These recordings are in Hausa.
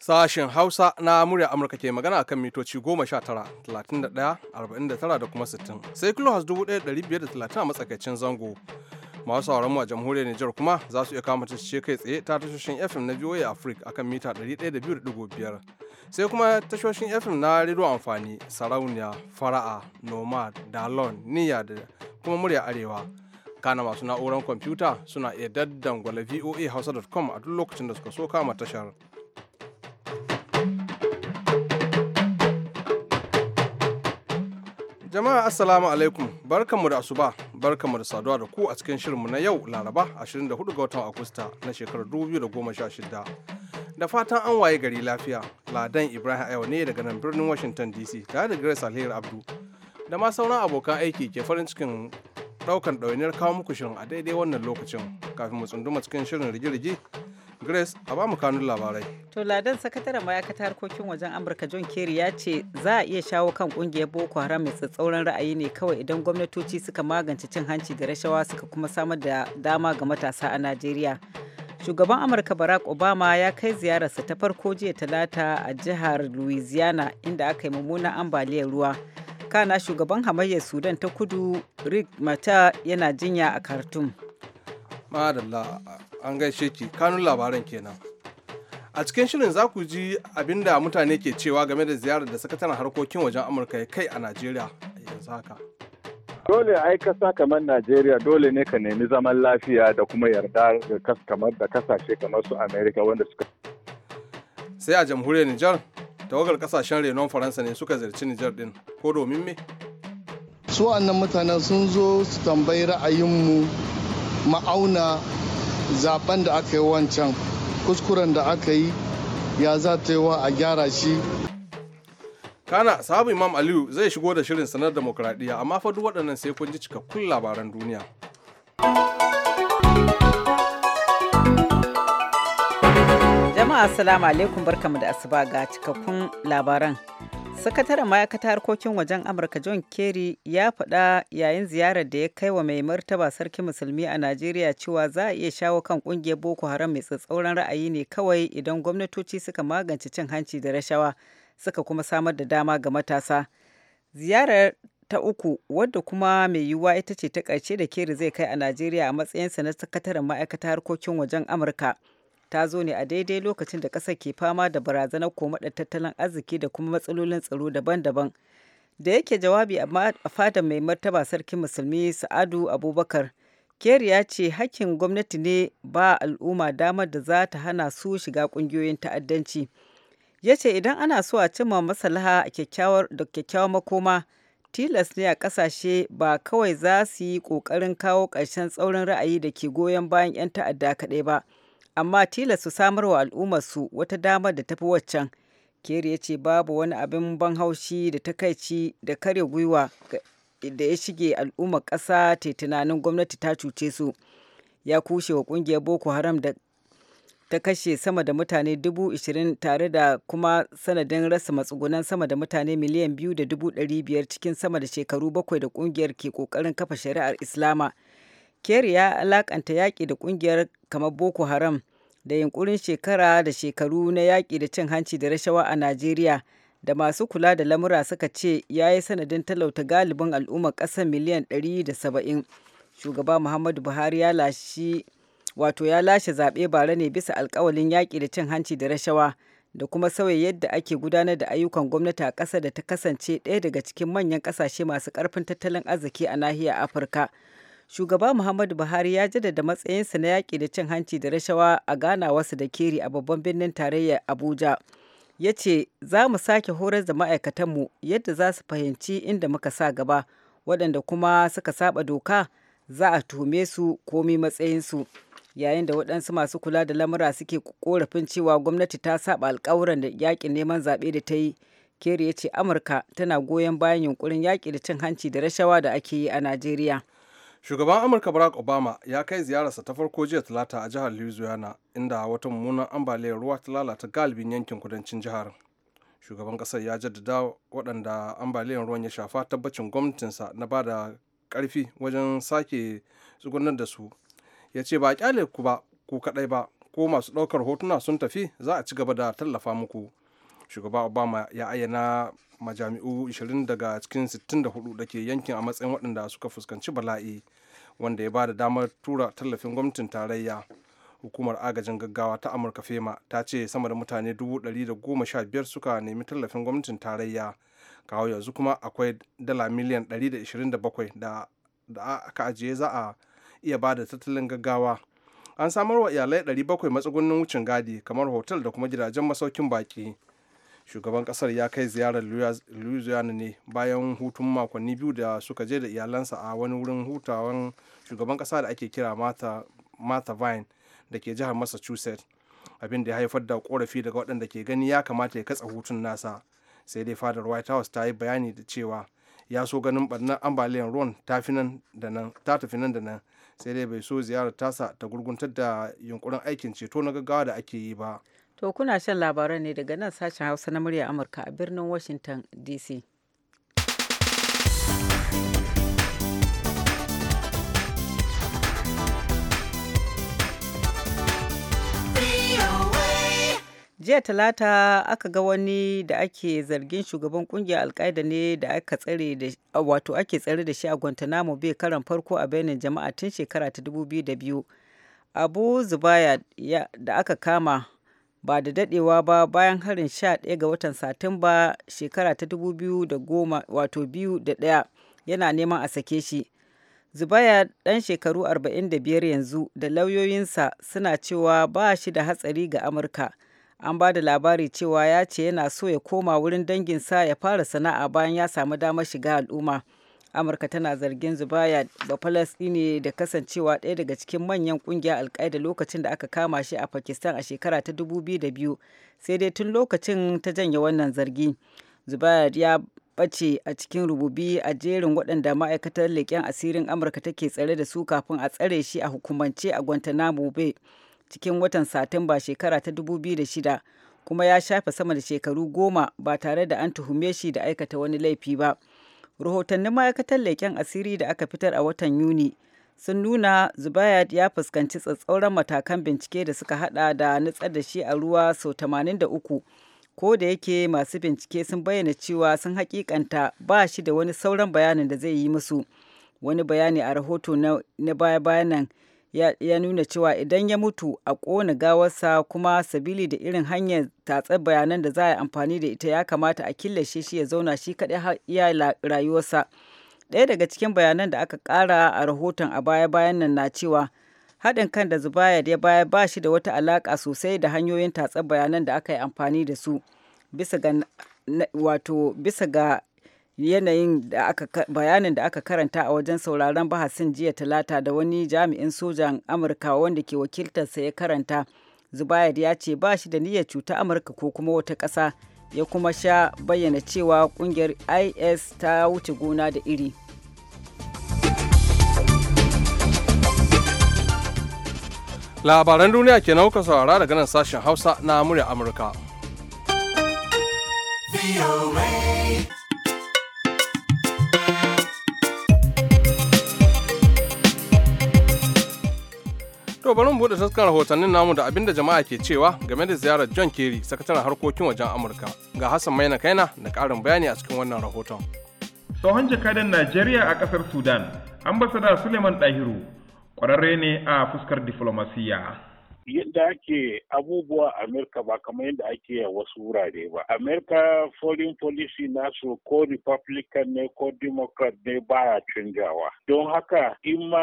Sashen Hausa na murya Amurka ke magana a kan mitoci 19, 31, 49 da kuma 60, sai kilohas 1530 a matsakaicin zango. masu sauran a jamhuriyar Nijar kuma za su iya kama ta ce kai tsaye ta tashoshin FM na VOA Africa akan mita 102.5 sai kuma tashoshin FM na rediyo amfani sarauniya fara'a nomad dalon niyya da kuma murya arewa kana masu na'urar kwamfuta suna iya daddan daddangwala voa hausa.com a duk lokacin da suka so kama tashar. Jama'a Assalamu alaikum barkanmu da asuba barkanmu da saduwa da ku a cikin shirinmu na yau Laraba 24 ga watan Agusta na shekarar 2016. Da fatan an waye gari lafiya, Ladan Ibrahim yau ne daga nan birnin Washington DC tare da Grace Alheri Abdu da ma sauran abokan aiki ke farin cikin daukan ɗawainiyar kawo muku shirin a daidai wannan lokacin kafin mu tsunduma cikin shirin rige-rige Grace a ba kanun labarai. To ladan sakataren ma'aikatar harkokin wajen Amurka John Kerry ya ce za a iya shawo kan kungiyar Boko Haram mai tsatsauran ra'ayi ne kawai idan gwamnatoci suka magance cin hanci da rashawa suka kuma samar da dama ga matasa a Najeriya. Shugaban Amurka Barack Obama ya kai ziyararsa ta farko jiya talata a jihar Louisiana inda aka yi mummunan ambaliyar ruwa. Kana shugaban hamayyar Sudan ta kudu Rick Mata yana jinya a Khartoum. Madalla an gaishe ki kanun labaran kenan a cikin shirin za ku ji abin da mutane ke cewa game da ziyarar da sakataren harkokin wajen amurka ya kai a najeriya yanzu haka dole ai kasa kamar najeriya dole ne ka nemi zaman lafiya da kuma yarda kamar da kasashe kamar su amerika wanda suka sai a jamhuriyar nijar tawagar kasashen renon faransa ne suka ziyarci nijar din ko domin me su mutanen sun zo su tambayi ra'ayinmu ma'auna zaben da aka yi wancan kuskuren da aka yi ya za ta yi wa a gyara shi kana sabu imam aliyu zai shigo da shirin sanar demokradiyya amma fa duk waɗannan sai kun ji cikakkun labaran duniya jama'a assalamu alaikum barkamu da asuba ga cikakkun labaran sakataren ma'aikatar harkokin wajen amurka john kerry ya faɗa yayin ziyarar da ya kai wa mai martaba sarki musulmi a najeriya cewa za a iya shawo kan ƙungiyar boko haram mai tsatsauran ra'ayi ne kawai idan gwamnatoci suka magance cin hanci da rashawa suka kuma samar da dama ga matasa ziyarar ta uku wadda kuma mai yiwuwa ita ce ta ƙarshe da kerry zai kai a najeriya a matsayinsa na sakataren ma'aikatar harkokin wajen amurka ta zo ne a daidai lokacin da ƙasar ke fama da barazanar komaɗar tattalin arziki da kuma matsalolin tsaro daban-daban. Da yake jawabi a fadar mai martaba sarkin musulmi Sa'adu Abubakar, ker ya ce hakkin gwamnati ne ba al'umma damar da za ta hana su shiga ƙungiyoyin ta'addanci. Ya ce idan ana so a cimma maslaha da kyakkyawar makoma, tilas ne a ƙasashe ba kawai za su yi ƙoƙarin kawo ƙarshen tsaurin ra'ayi da ke goyon bayan 'yan ta'adda kaɗai ba. amma tilas su samar wa al'ummarsu wata damar da tafi waccan. keri ya ce babu wani abin ban haushi da takaici da kare gwiwa da ya shige al'ummar ƙasa ta tunanin gwamnati ta cuce su. Ya kushe wa ƙungiyar Boko Haram da ta kashe sama da mutane dubu ishirin tare da kuma sanadin rasa matsugunan sama da mutane miliyan biyu da dubu ɗari biyar cikin sama da shekaru bakwai da ƙungiyar ke ƙoƙarin kafa shari'ar Islama. Kerry ya alakanta yaƙi da ƙungiyar kamar Boko Haram da yunkurin shekara da shekaru na yaƙi da cin hanci da rashawa a Najeriya da masu kula da lamura suka ce ya yi sanadin talauta galibin al'ummar ƙasar miliyan 170. Shugaba Muhammadu Buhari ya lashe wato ya lashe zaɓe bara ne bisa alƙawalin yaƙi da cin hanci da rashawa da kuma sauya yadda ake gudanar da ayyukan gwamnati a ƙasa da ta kasance ɗaya daga cikin manyan ƙasashe masu ƙarfin tattalin arziki a nahiyar Afirka. shugaba muhammadu buhari ya jaddada matsayinsa na yaƙi da cin hanci da rashawa a ganawarsa da keri a babban birnin tarayya abuja ya ce za mu sake horar da ma'aikatanmu yadda za su fahimci inda muka sa gaba waɗanda kuma suka saba doka za a tuhume su komi matsayinsu yayin da waɗansu masu kula da lamura suke korafin cewa gwamnati ta saba alkawuran da yaƙin neman zaɓe da ta yi keri ya ce amurka tana goyon bayan yunkurin yaƙi da cin hanci da rashawa da ake yi a najeriya shugaban amurka barack obama ya kai ziyararsa ta farko jiya talata a jihar louisiana inda wata mummunan ambaliyar ruwa ta lalata galibin yankin kudancin jihar shugaban kasar ya jaddada waɗanda ambaliyar ruwan ya shafa tabbacin gwamnatinsa na ba da ƙarfi wajen sake tsugunar da su ya ce ba a kyale ku ba ku kaɗai ba ko masu ɗaukar hotuna sun tafi za a ci gaba da tallafa muku shugaba obama ya ayyana majami'u 20 daga cikin 64 da ke yankin a matsayin waɗanda suka fuskanci bala'i wanda ya ba da damar tura tallafin gwamnatin tarayya hukumar agajin gaggawa ta amurka fema ta ce sama da mutane 115 suka nemi tallafin gwamnatin tarayya kawo yanzu kuma akwai dala miliyan 127 da aka ajiye za a iya ba da tattalin gaggawa an samar wa iyalai 700 matsugunnin wucin gadi kamar hotel da kuma gidajen masaukin baki shugaban kasar ya kai ziyarar louisiana ne bayan hutun makonni biyu da suka je da iyalansa a wani wurin hutawan shugaban kasa da ake kira martha vine da ke jihar massachusetts abin da ya haifar da korafi daga waɗanda ke gani ya kamata ya katsa hutun nasa sai dai fadar white house ta yi bayani da cewa ya so ganin barnar ambaliyar ruwan ta tafi nan da nan sai dai bai so ziyarar tasa ta gurguntar da yunkurin aikin ceto na gaggawa da ake yi ba To kuna shan labaran ne daga nan sashen Hausa na murya Amurka a birnin Washington DC. jiya talata aka ga wani da ake zargin shugaban kungiyar alkaida ne da aka tsare da wato ake tsare da shi a guantanamo bai karan farko a bainin jama'a tun shekara ta 2002 abu zubaya da aka kama ba da daɗewa ba bayan harin sha ɗaya ga watan Satumba shekara ta dubu biyu biyu da da goma wato ɗaya, yana neman a sake shi. Zubaya ɗan shekaru 45 yanzu da lauyoyinsa suna cewa ba shi da hatsari ga Amurka. An ba da labari cewa ya ce yana so ya koma wurin danginsa ya fara sana'a bayan ya samu damar shiga al'umma. amurka tana zargin zubaya ba ne da kasancewa ɗaya daga cikin manyan ƙungiyar alkaida lokacin da aka kama shi a pakistan a shekara ta 2002 sai dai tun lokacin ta janye wannan zargi zubayar ya ɓace a cikin rububi a jerin waɗanda ma'aikatar leƙen asirin amurka take tsare da su kafin a tsare shi a hukumance a guantanamo bay cikin watan satumba shekara ta 2006 kuma ya shafe sama da shekaru goma ba tare da an tuhume shi da aikata wani laifi ba. rahotannin ma'aikatar leken asiri da aka fitar a watan yuni sun nuna zubayat ya fuskanci tsatsauran matakan bincike da suka hada da nutsar da shi a ruwa sau 83 ko da yake masu bincike sun bayyana cewa sun hakikanta ba shi da wani sauran bayanin da zai yi musu wani bayani a rahoto na baya-bayan nan ya, nuna cewa idan ya mutu a ƙona gawarsa kuma sabili da irin hanyar tatsar bayanan da za a yi amfani da ita ya kamata a killace shi ya zauna shi kaɗai iya rayuwarsa ɗaya daga cikin bayanan da aka ƙara a rahoton a baya-bayan nan na cewa haɗin kan da zubayar ya baya ba shi da wata alaƙa sosai da hanyoyin tatsar bayanan da aka yi amfani da su bisa ga wato bisa ga yanayin da aka bayanin da aka karanta a wajen sauraron bahasin jiya talata da wani jami'in sojan amurka wanda ke wakiltarsa ya karanta zubayar ya ce ba shi da niyyar cuta amurka ko kuma wata ƙasa ya kuma sha bayyana cewa ƙungiyar is ta wuce gona da iri labaran duniya ke nauka saurara daga nan sashen hausa na murya amurka To bari mu buɗe taskar rahotannin namu da abinda jama'a ke cewa game da ziyarar John Kerry, sakataren harkokin wajen Amurka. Ga Hassan Maina Kaina da karin bayani a cikin wannan rahoton. Tsohon jakadan Najeriya a ƙasar Sudan, ambasada Suleiman Dahiru, ƙwararre ne a fuskar diflomasiyya. yadda ake abubuwa Amerika ba kamar yadda ake a wasu wurare ba. Amerika foreign policy nasu ko Republican ne ko Democrat ne baya canjawa. Don haka in ma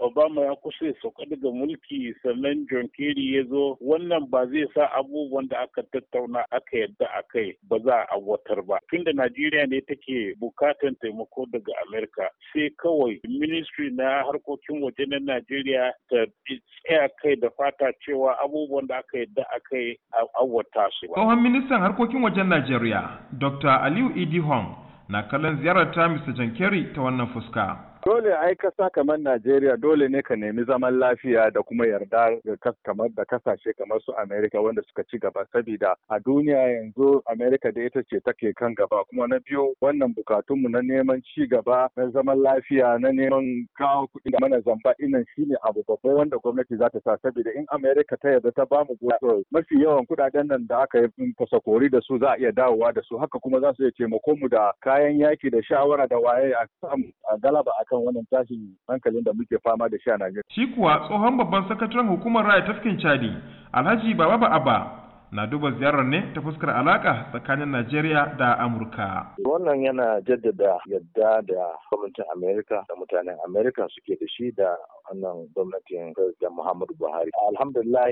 Obama ya kusa sauka daga mulki sannan John Kerry ya zo wannan ba zai sa abubuwan da aka tattauna aka yadda a kai ba za a watar ba. Tunda Najeriya ne take bukatan taimako daga Amerika sai kawai ministry na harkokin waje na Najeriya ta tsaya kai da fata cewa abubuwan da aka yadda aka yi awwata su ba. Tsohon ministan harkokin wajen Najeriya, Dr. Aliyu Idi Hong, na kallon ziyarar ta Mr. Jankeri ta wannan fuska. Dole ai kasa kamar Najeriya dole ne ka nemi zaman lafiya da kuma yarda kamar da kasashe kamar su Amerika wanda suka ci gaba sabida a duniya yanzu Amerika da ita ce take kan gaba kuma na biyu wannan bukatunmu na neman ci gaba na zaman lafiya na neman kawo kuɗi da mana zamba inan shine abu babba wanda gwamnati za ta sa sabida in Amerika ta yarda ta bamu goyon mafi yawan kuɗaɗen nan da aka yi fasakori da su za a iya dawowa da su haka kuma za su iya taimako mu da kayan yaki da shawara da waye a samu a galaba akan kan wannan tashin hankalin da muke fama da shi a Najeriya. Shi kuwa tsohon babban sakataren hukumar raya tafkin Chadi Alhaji Baba Ba'aba na duba ziyarar ne ta fuskar alaka tsakanin Najeriya da Amurka. Wannan yana jaddada yadda da gwamnatin Amerika da mutanen Amerika suke da shi da wannan gwamnatin da Muhammadu Buhari. Alhamdulillah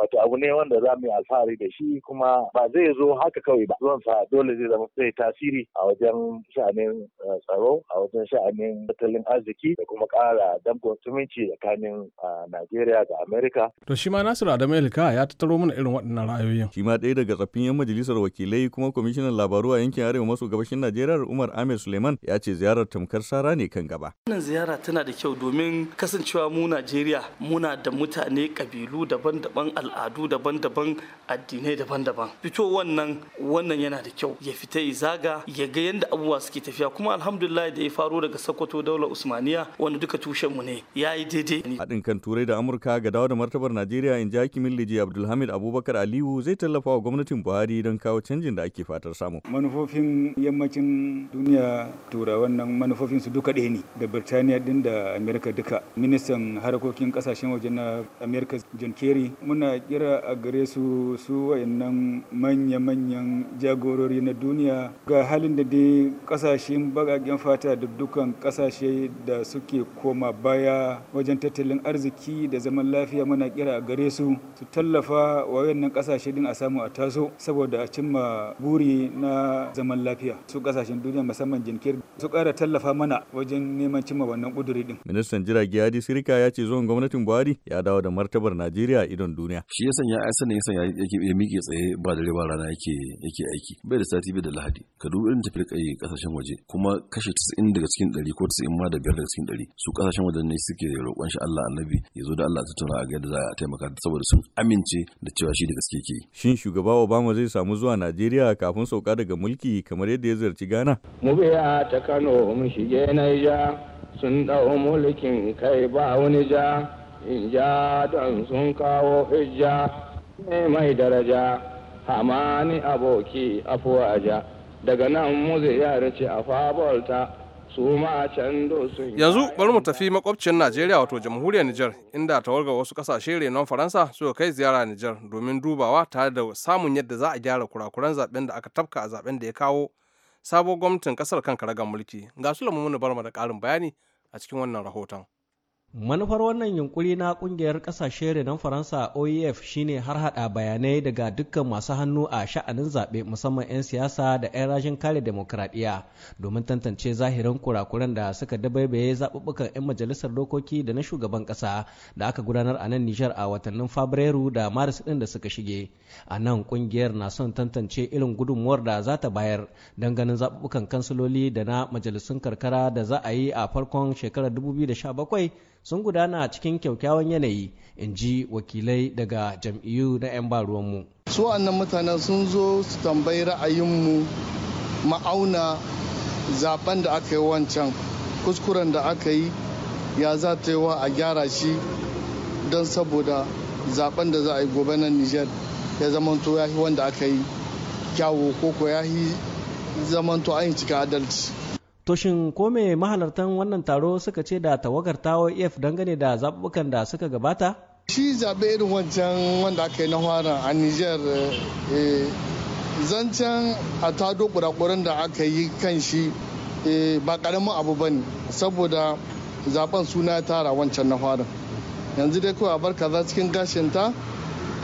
wato abu ne wanda za mu yi alfahari da shi kuma ba zai zo haka kawai ba. Zuwan sa dole zai zama zai tasiri a wajen sha'anin eh, tsaro, a wajen sha'anin tattalin arziki da kuma ƙara dangon zumunci tsakanin eh, Najeriya da Amerika. To shi ma Nasiru Adamu Elka ya tattaro mana irin waɗannan ra'ayoyin. Shi ma ɗaya daga tsaffin 'yan majalisar wakilai kuma kwamishinan labaru a yankin Arewa maso gabashin Najeriya Umar Ahmed Suleiman ya ce ziyarar tamkar sara ne kan gaba. Wannan ziyara tana da kyau domin kasancewa cewa mu Najeriya muna da mutane kabilu daban-daban al'adu daban-daban addinai daban-daban fito wannan wannan yana da kyau ya fita ya zaga ya ga yadda abubuwa suke tafiya kuma alhamdulillah da ya faro daga Sokoto daular Usmaniya wanda duka tushen mu ne ya yi daidai haɗin kan turai da Amurka ga dawo da martabar Najeriya in ji hakimin Liji Abdulhamid Abubakar Aliyu zai tallafa wa gwamnatin Buhari don kawo canjin da ake fatar samu manufofin yammacin duniya turawan nan manufofin su duka ɗaya ne da Birtaniya din da Amerika duka minista ministan harkokin kasashen waje na america john kerry muna kira a gare su su wayannan manya-manyan jagorori na duniya ga halin da dai kasashen bagagen fata da dukkan kasashe da suke koma baya wajen tattalin arziki da zaman lafiya muna kira a gare su su tallafa wa wayannan kasashe din a samu a taso saboda a cimma buri na zaman lafiya su kasashen duniya musamman jinkir su kara tallafa mana wajen neman cimma wannan kuduri din ministan jirage hadi Afirka ya ce zuwan gwamnatin Buhari ya dawo da martabar Najeriya a idon duniya. Shi ya sanya a sanya ya sanya yake ya miƙe tsaye ba dare ba rana yake yake aiki. Bai da sati bai da Lahadi. Ka dubi irin tafiyar kai kasashen waje kuma kashe 90 daga cikin 100 ko 90 ma da biyar daga cikin 100 su kasashen waje ne suke roƙon shi Allah annabi ya zo da Allah ta tura a ga yadda za a taimaka saboda sun amince da cewa shi da gaske ke. Shin shugaba Obama zai samu zuwa Najeriya kafin sauka daga mulki kamar yadda ya zarci Ghana? Mu biya ta Kano mu shige Niger sun ɗau mulkin kai ba wani ja in ja don sun kawo hijja ne mai daraja hamani aboki afuwaja daga nan muzi yarci a fabolta su ma can sun yanzu bari mu tafi makwabcin najeriya wato jamhuriyar nijar inda tawarga wasu kasashe renon faransa suka kai ziyara nijar domin dubawa tare da samun yadda za a gyara kurakuran zaben da aka tafka a zaben da ya kawo sabon gwamnatin kasar kan karagar mulki ga su bar mu da ƙarin bayani a cikin wannan rahoton Manufar wannan yunkuri na kungiyar ƙasashe renon Faransa OEF shine har hada bayanai daga dukkan masu hannu a sha'anin zaɓe musamman 'yan siyasa da 'yan rajin kare demokradiyya domin tantance zahirin kurakuran da suka dabaibaye zaɓuɓɓukan 'yan majalisar dokoki da na shugaban ƙasa da aka gudanar a nan Nijar a watannin Fabrairu da Maris ɗin da suka shige. A nan kungiyar na son tantance irin gudunmuwar da za ta bayar don ganin zaɓuɓɓukan kansiloli da na majalisun karkara da za a yi a farkon shekarar 2017 sun gudana a cikin kyaukyawan yanayi in ji wakilai daga jam'iyyu na 'yan baruwanmu su wannan mutane sun zo su tambayi ra'ayinmu ma'auna zaben da aka yi wancan kuskuren da aka yi ya za ta yi wa a gyara shi don saboda zaben da za a yi gobe na niger ya zamanto ya yi wanda aka yi kyawo koko ya yi zamanto an yi cika adalci To shin ko me mahalartan wannan taro suka ce da tawagar ta dangane da zaɓuɓɓukan da suka gabata? Shi zaɓe irin wancan wanda aka yi na hwara a Nijar eh, zancen a tado kurakuran da aka yi kan shi eh, ba karamin abu ba ne saboda zaben suna ya tara wancan na hwara yanzu dai kawai a bar kaza cikin gashinta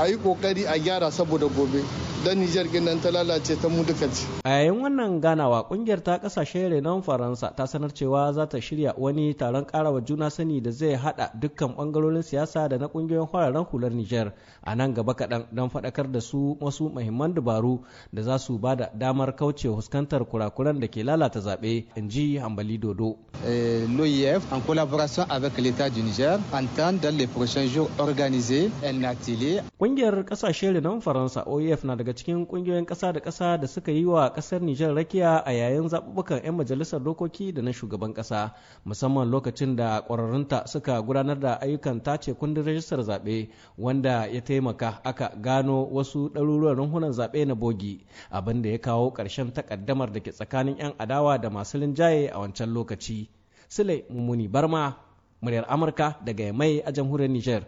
a yi kokari a gyara saboda gobe da Nijar nan ta lalace ta mu duka ce. A yayin wannan ganawa kungiyar ta kasashe renon Faransa ta sanar cewa za ta shirya wani taron karawa juna sani da zai hada dukkan bangarorin siyasa da na kungiyoyin fararen hular Nijar a nan gaba kaɗan don faɗakar da su wasu muhimman dabaru da za su da damar kauce fuskantar kurakuran da ke lalata zaɓe in ji Hambali Dodo. Eh, L'OIF en collaboration avec l'État du Niger entend dans les prochains jours organiser un atelier. Kungiyar kasashe renon Faransa OIF e na daga daga cikin kungiyoyin ƙasa da kasa da suka yi wa ƙasar Nijar rakiya a yayin zaɓuɓɓukan 'yan majalisar dokoki da na shugaban ƙasa, musamman lokacin da ƙwararrunta suka gudanar da ayyukan tace kundin rajistar zaɓe wanda ya taimaka aka gano wasu ɗaruruwan runhunan zaɓe na bogi, abin da ya kawo ƙarshen takaddamar da ke tsakanin 'yan adawa da masu linjaye a wancan lokaci. Sule Mummuni Barma, muryar Amurka daga Mai a jamhuriyar Nijar.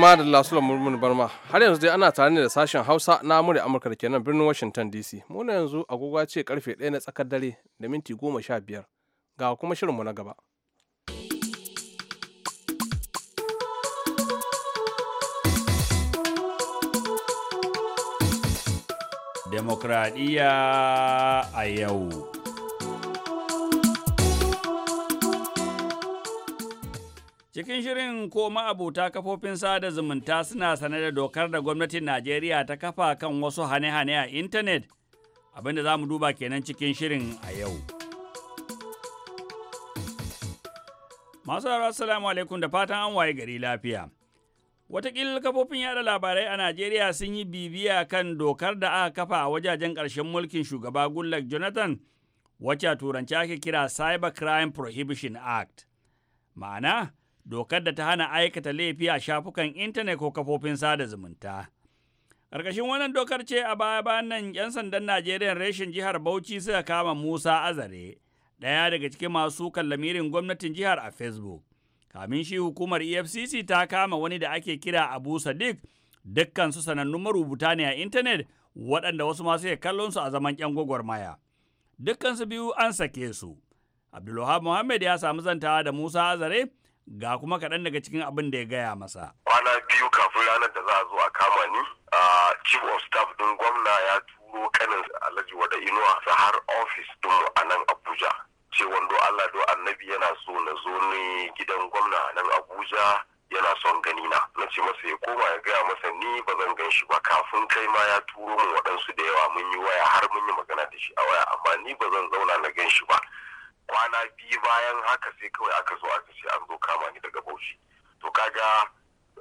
ma da lasula murmun barma har yanzu dai ana tare ne da sashen hausa na amurya amurka da kenan birnin washington dc muna yanzu agogo ce karfe 1 na tsakar dare da minti goma sha biyar ga kuma shirinmu na gaba demokradiyya a yau Cikin shirin ko ma'abota kafofin sada zumunta suna sane da dokar da gwamnatin Najeriya ta kafa kan wasu hane-hane a intanet abinda za mu duba kenan cikin shirin a yau. Masu haro assalamu alaikum da fatan an waye gari lafiya. Wataƙil kafofin yada labarai a Najeriya sun yi bibiya kan dokar da aka kafa a wajajen ƙarshen mulkin shugaba Goodluck Jonathan wacce a turanci ake kira Cyber Crime Prohibition Act. Ma'ana, dokar da ta hana aikata laifi a shafukan intanet ko kafofin sada zumunta. Ƙarƙashin wannan dokar ce a baya-bayan nan 'yan sandan Najeriya reshen jihar Bauchi suka kama Musa Azare, ɗaya daga cikin masu lamirin gwamnatin jihar a Facebook. Kamin shi hukumar EFCC ta kama wani da ake kira Abu Sadiq, dukkansu sanannun marubuta ne a intanet waɗanda wasu masu iya kallon su a zaman 'yan gwagwarmaya. Dukkansu biyu an sake su. Abdulwahab Muhammad ya samu zantawa da Musa Azare, ga kuma kaɗan daga cikin abin da ya gaya masa. Kwana biyu kafin ranar da za a zo a kama ni, chief of staff ɗin gwamna ya turo kanin Alhaji Wada Inuwa sa har ofis ɗin a nan Abuja. Ce wando Allah do annabi yana so na zo ne gidan gwamna a nan Abuja yana son gani na. Na ce masa ya koma ya gaya masa ni ba zan gan shi ba kafin kai ma ya turo mun waɗansu da yawa mun yi waya har mun yi magana da shi a waya amma ni ba zan zauna na gan shi ba. kwana biyu bayan haka sai kawai aka zo aka ce an zo kama ni daga bauchi to kaga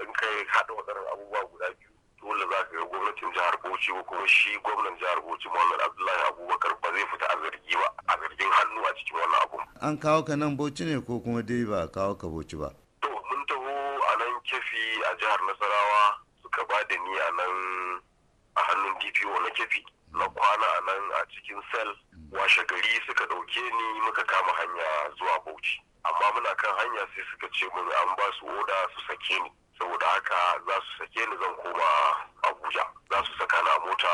in kai haɗa waɗannan abubuwa guda biyu dole za ka ga gwamnatin jihar bauchi ko kuma shi gwamnan jihar bauchi muhammad abdullahi abubakar ba zai fita a zargi ba a zargin hannu a cikin wannan abun an kawo ka nan bauchi ne ko kuma dai ba a kawo ka bauchi ba to mun taho a nan kefi a jihar nasarawa suka ba da ni a nan a hannun dpo na kefi na kwana a nan a cikin sel washe gari suka ɗauke ni muka kama hanya zuwa bauchi amma muna kan hanya sai suka ce mun an ba su oda su sake ni saboda haka za su sake ni zan koma abuja za su saka na mota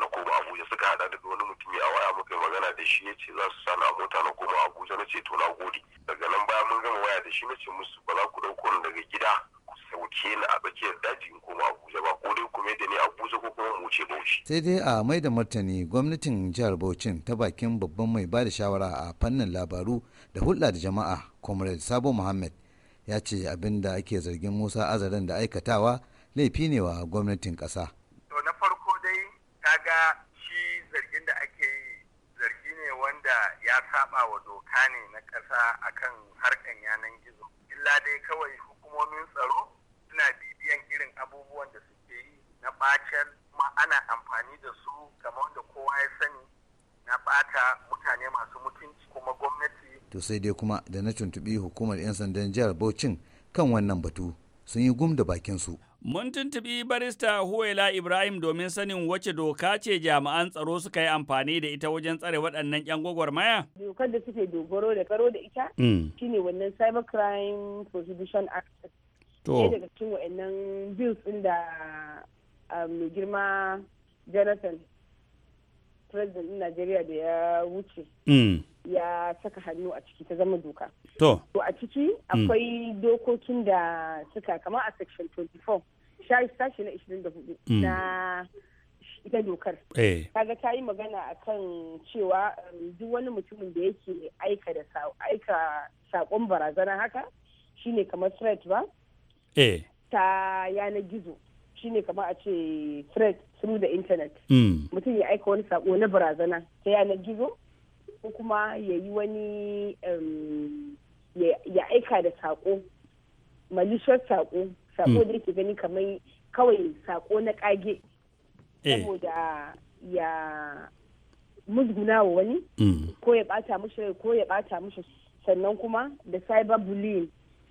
na koma abuja suka hada da wani mutum ya waya muka magana da shi ya ce za su sana mota na koma abuja na ce to na gode daga nan baya mun gama waya da shi na ce musu ba za ku dauko ni daga gida sauke ni a tsakiyar daji in koma Abuja ba ko dai kuma da ni Abuja ko kuma mu wuce Bauchi. Sai dai a mai da martani gwamnatin jihar bauchi ta bakin babban mai bada shawara a fannin labaru da hulɗa da jama'a Comrade Sabo Muhammad ya ce abin da ake zargin Musa Azarin da aikatawa laifi ne wa gwamnatin ƙasa. To na farko dai kaga shi zargin da ake yi zargi ne wanda ya saba wa doka ne na ƙasa akan harkan yanan gizo. Illa dai kawai hukumomin tsaro suna bibiyan irin abubuwan da suke yi na bacen kuma ana amfani da su kamar da kowa ya sani na bata mutane masu mutunci kuma gwamnati to sai dai kuma da na tuntubi hukumar 'yan sandan jihar Bauchin kan wannan batu sun yi gum da bakin su Mun tuntubi barista Huwaila Ibrahim domin sanin wace doka ce jami'an tsaro suka yi amfani da ita wajen tsare waɗannan 'yan gwagwarmaya? Dokar da suke dogaro da karo da ita mm. shine wannan Cyber Crime Prohibition Act daga cikin wa'annan bills ɗin da ah, mai girma jonathan president din najeriya da ya wuce mm. ya saka hannu a ciki ta zama doka to a ciki akwai mm. dokokin da suka kama a section 24 sashi na 24 mm. na ita dokar eh. kaga ta yi magana akan cewa um, duk wani mutumin da yake aika da aika sakon barazana haka shine kamar threat ba eh ta yanar gizo shine kamar a ce thread through the internet hmm. mutum ya aika wani sako na barazana ta yanar gizo ko kuma ya yi wani ya aika da sako malicious sako sako hmm. da yake gani kamar kawai sako na kage eh. saboda ya musguna wa wani hmm. ko ya bata mushi sannan kuma da cyber bullying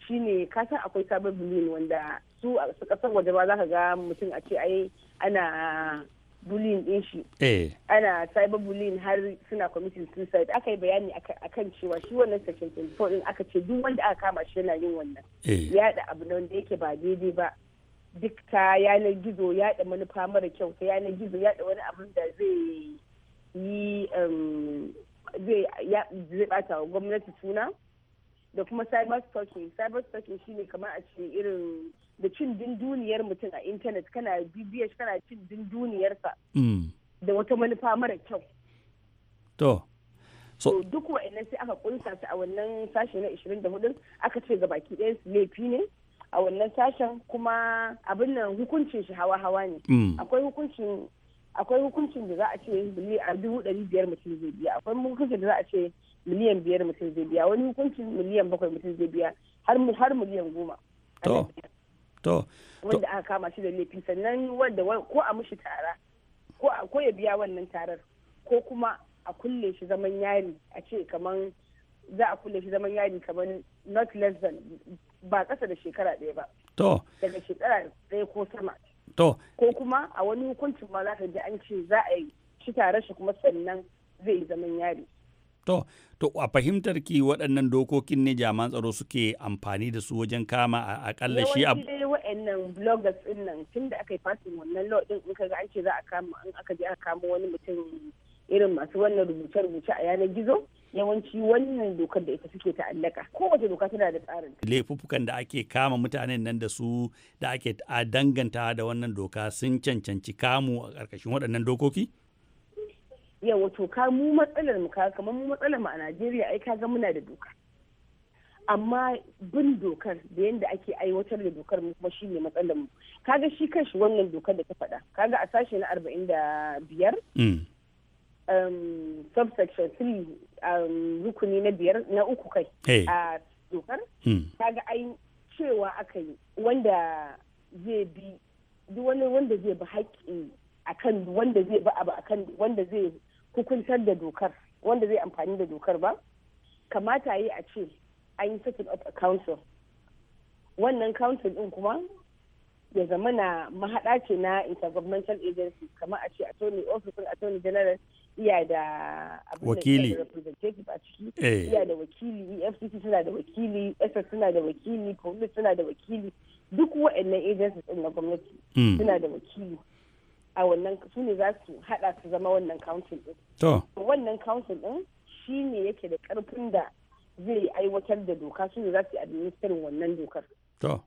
shine ka akwai cyber bullying wanda su a kasar waje ba za ka ga mutum a ce ai ana bullying din shi eh. ana cyber bullying har suna committing suicide aka yi bayani akan cewa shi wannan section 24 din aka ce duk wanda aka kama shi yana yin wannan eh. yaɗa abu da wanda yake ba daidai ba duk ta yanar gizo yaɗa manufa mara kyau ta yanar gizo yaɗa wani abu da zai yi um, zai bata gwamnati suna da kuma cyber stalking cyber stalking shine kamar a ce irin da cin dunduniyar mutum a intanet kana bbh kana cin duniyarsa mm. da wata manufa mara kyau to so duk wa'annan sai aka kunsa su a wannan sashe na 24 aka ce gabaki ɗaya su laifi ne a wannan sashen kuma abin nan hukuncin shi hawa-hawa ne mm. akwai hukuncin akwai hukuncin da za a ce a dubu ɗari biyar mutum zai biya akwai hukuncin da za a ce miliyan biyar mutum zai biya wani hukuncin miliyan bakwai mutum zai biya har miliyan goma to to wanda aka kama shi da laifi sannan wanda ko a mushi tara ko ya biya wannan tarar ko kuma a kulle shi zaman yari a ce kaman za a kulle shi zaman yari kaman not less than ba kasa da shekara ɗaya ba to daga shekara ɗaya ko sama to ko kuma a wani hukuncin ma za ka ji an ce za a yi shi tare shi kuma sannan zai yi zaman yari To, to a fahimtar ki waɗannan dokokin ne jaman tsaro suke amfani da su wajen kama a akalla shi a dai waɗannan bloggers ɗin nan tun da aka yi fasin wannan law ɗin in kaga an ce za a kama an aka je a kama wani mutum irin masu wannan rubuce-rubuce a yanar gizo yawanci wannan dokar da ita suke ta'allaka kowace doka tana da tsarin laifuffukan da ake kama mutanen nan da su da ake danganta da wannan doka sun cancanci kamu a ƙarƙashin waɗannan dokoki yawa to ka mu matsalar mu ka kamar mu matsalar mu a Najeriya ai ka ga muna da doka amma bin dokar da yadda ake aiwatar da dokar mu kuma shine matsalar mu kaga shi kanshi wannan dokar da ta faɗa kaga a sashe na arba'in da biyar mm. um, subsection 3 um, rukuni na biyar na uku kai a dokar mm. kaga ai cewa aka yi wanda zai bi duk wani wanda zai bi haƙƙi akan wanda zai bi abu akan wanda zai hukuntar da dokar wanda zai amfani da dokar ba kamata yi a ce an yi setting up a council wannan council din kuma ya zama na mahaɗa ce na intergovernmental agency kamar a ce attorney office attorney general iya da wakili representative a ciki eh. iya da wakili efcc suna da wakili ss suna da wakili police suna da wakili duk waɗannan agency din na gwamnati hmm. suna da wakili a wannan su ne za su haɗa su zama wannan council ɗin. To. Wannan council ɗin shi ne yake da ƙarfin da zai aiwatar da doka su ne za su yi wannan dokar. To.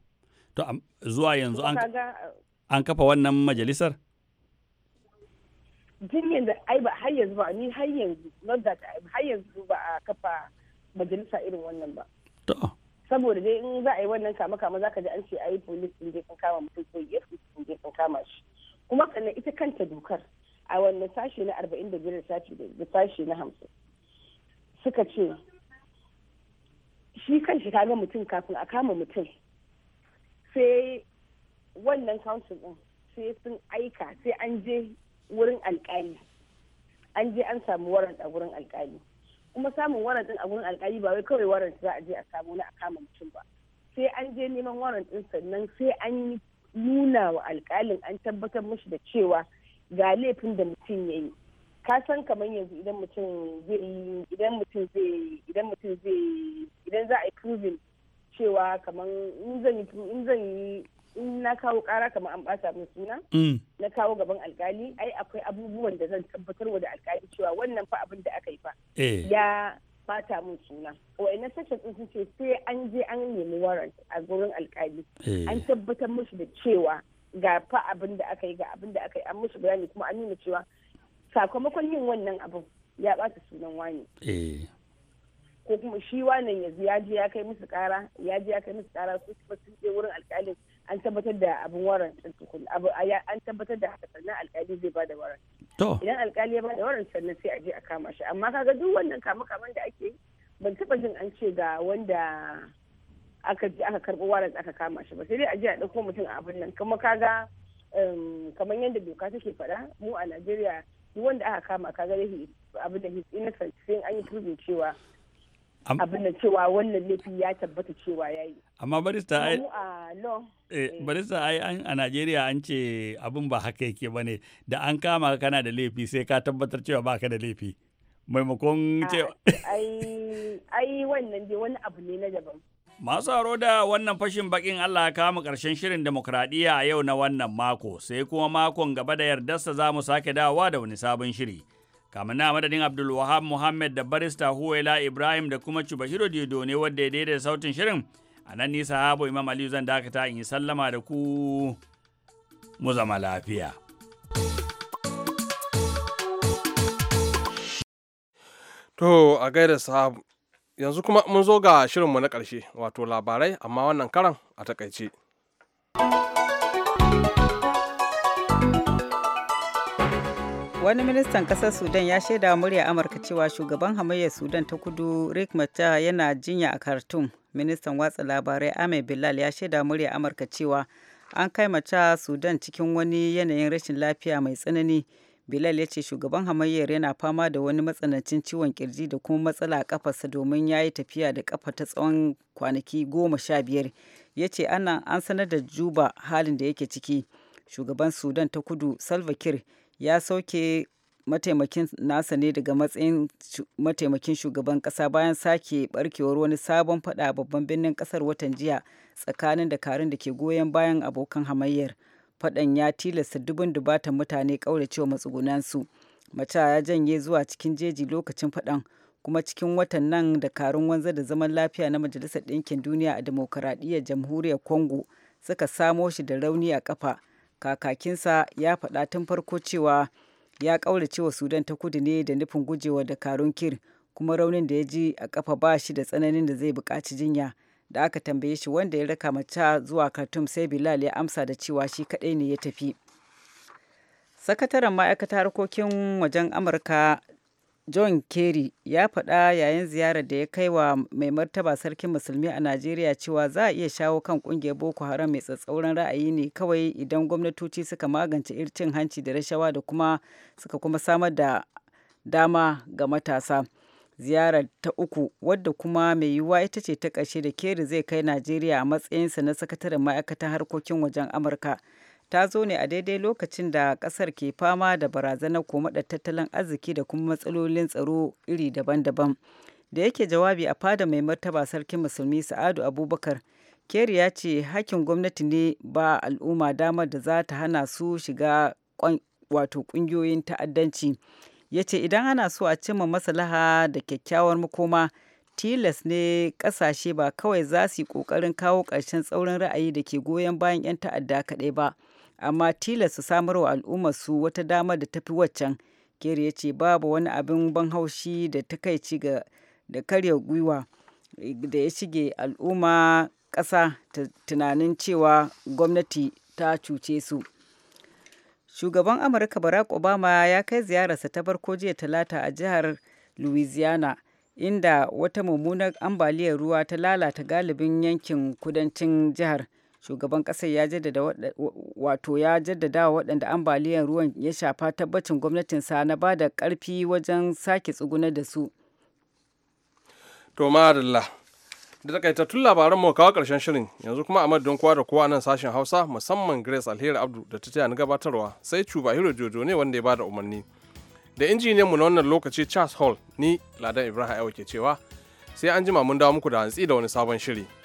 To zuwa yanzu uh, an kafa wannan majalisar? Jin yanzu ai ba har yanzu ba ni har yanzu not that har yanzu ba a kafa majalisa irin wannan ba. To. saboda dai in za a yi wannan kama kama zaka ji an ce ai police sun je sun kama mutum ko EFCC sun je sun kama shi kuma sannan ita kanta dokar a wannan sashi na 45 da sashi na 50 suka ce shi kan shi kaga mutum kafin a kama mutum sai wannan council din sai sun aika sai an je wurin alkali an je an samu warrant a wurin alkali kuma samun warrant din a wurin alkali ba wai kawai warrant za a je a samu na a kama mutum ba sai an je neman warrant din sannan sai an yi nuna wa alkalin an tabbatar mashi da cewa ga laifin da mutum ya yi ka san kamar yanzu idan mutum zai idan idan mutum zai idan za a yi proving cewa kamar in zan yi in zan yi in na kawo kara kamar an bata min suna mm. na kawo gaban alkali ai akwai abubuwan da zan tabbatar wa da alkali cewa wannan fa abin da aka yi fa eh. ya bata mun suna ina sashen din sun ce sai an je an nemi warrant a gurin alkali eh. an tabbatar musu da cewa ga fa abin da aka yi ga abin da aka yi an musu bayani kuma an nuna cewa sakamakon yin wannan abin ya bata sunan wani eh. ko kuma shi wannan yanzu ya je ya kai musu kara ya je ya kai musu kara su kuma sun je wurin alkalin an tabbatar da abin warrant an tabbatar da haka sannan alkali zai bada warrant idan alkali ya ba da waran sannan sai a je a kama shi amma kaga duk wannan kama kaman da ake ban taba jin an ce ga wanda aka ji aka karbo waran aka kama shi ba sai dai a je a dauko mutum a abin nan kuma kaga um, kamar yadda doka take faɗa mu a Najeriya duk wanda aka kama kaga dai abin da innocent sai an yi turbin cewa abin da cewa wannan laifi ya tabbata cewa ya yi. Amma barista ai eh, eh. barista ai a Najeriya an ce abin ba haka yake ba ne da an kama kana da laifi sai ka tabbatar cewa ba ka da laifi. Maimakon cewa. Ai wannan dai wani abu ne na daban. Masu haro da wannan fashin bakin Allah kama ƙarshen shirin demokradiyya a yau na wannan mako, sai kuma makon gaba da yardarsa za mu sake dawa da wani sabon shiri. kamar na madadin Abdul Wahab Muhammad da barista Huwaila Ibrahim da kuma Chubahiro Diodo ne wadda ya daidai sautin shirin a nan nisa habo Imam Aliyu zan dakata in yi sallama da ku mu zama lafiya. To a gaida sahabu yanzu kuma mun zo ga shirin mu na ƙarshe wato labarai amma wannan karan a takaice. wani ministan kasar sudan ya shaida murya amurka cewa shugaban hamayyar sudan ta kudu rick mata yana jinya a khartoum ministan watsa labarai ame bilal ya shaida murya amurka cewa an kai mata sudan cikin wani yanayin rashin lafiya mai tsanani bilal ya ce shugaban hamayyar yana fama da wani matsanancin ciwon kirji da kuma matsala a kafarsa domin ya yi tafiya da kafa ta tsawon kwanaki goma sha biyar ya ce an sanar da juba halin da yake ciki shugaban sudan ta kudu salva kiir ya sauke mataimakin nasa ne daga matsayin mataimakin shugaban kasa bayan sake barkewar wani sabon fada babban birnin kasar watan jiya tsakanin dakarun da ke goyon bayan abokan hamayyar fadan ya tilasta dubin dubatan mutane kauracewa matsugunansu mata ya janye zuwa cikin jeji lokacin fadan kuma cikin watan nan dakarun wanza da zaman lafiya na majalisar ɗinkin duniya a demokaradiyyar jamhuriyar congo suka samo shi da rauni a kafa kakakinsa ya faɗa tun farko cewa ya cewa sudan ta kudu ne da nufin gujewa dakarun kir kuma raunin da ya ji a kafa ba shi da tsananin da zai buƙaci jinya da aka tambaye shi wanda ya raka mace zuwa khartoum sai bilal ya amsa da cewa shi kaɗai ne ya tafi sakataren ma'aikatar harkokin wajen amurka John Kerry ya faɗa yayin ziyarar da ya kai wa mai martaba sarkin musulmi a Najeriya cewa za a iya shawo kan kungiyar Boko Haram mai tsatsauran ra'ayi ne kawai idan gwamnatoci suka magance ircin hanci da rashawa da kuma suka kuma samar da dama ga matasa. Ziyarar ta uku wadda kuma mai yiwuwa ita ce ta ƙarshe da Kerry zai kai Najeriya a matsayinsa na sakataren ma'aikatan harkokin wajen Amurka. ta zo ne a daidai lokacin da kasar ke fama da barazanar koma da tattalin arziki da kuma matsalolin tsaro iri daban-daban da yake jawabi a fada mai martaba sarkin musulmi sa'adu abubakar keri ya ce hakkin gwamnati ne ba al'umma damar da za ta hana su shiga wato kungiyoyin ta'addanci ya ce idan ana so a cimma maslaha da kyakkyawar makoma tilas ne kasashe ba kawai za su yi kokarin kawo ƙarshen tsaurin ra'ayi da ke goyon bayan 'yan ta'adda kaɗai ba amma tilas su samar wa al'ummarsu wata dama da tafi waccan kere ya ce babu wani abin ban haushi da ci ga da karya gwiwa eh, da ya shige al'umma ƙasa tunanin cewa gwamnati ta cuce su shugaban amurka barack obama ya kai ziyararsa ta farko jiya talata a jihar louisiana inda wata mummunar ambaliyar ruwa ta lalata galibin yankin kudancin jihar shugaban kasar ya jaddada wato ya jaddada waɗanda ambaliyar ruwan ya shafa tabbacin gwamnatinsa na ba da ƙarfi wajen sake tsuguna da su to da takaitattun labaran mu kawo karshen shirin yanzu kuma a don kowa da kowa nan sashen hausa musamman grace alheri abdu da ta taya ni gabatarwa sai cuba hiro jojo ne wanda ya bada umarni da injiniyan mu na wannan lokaci charles hall ni ladan ibrahim ke cewa sai an jima mun dawo muku da hantsi da wani sabon shiri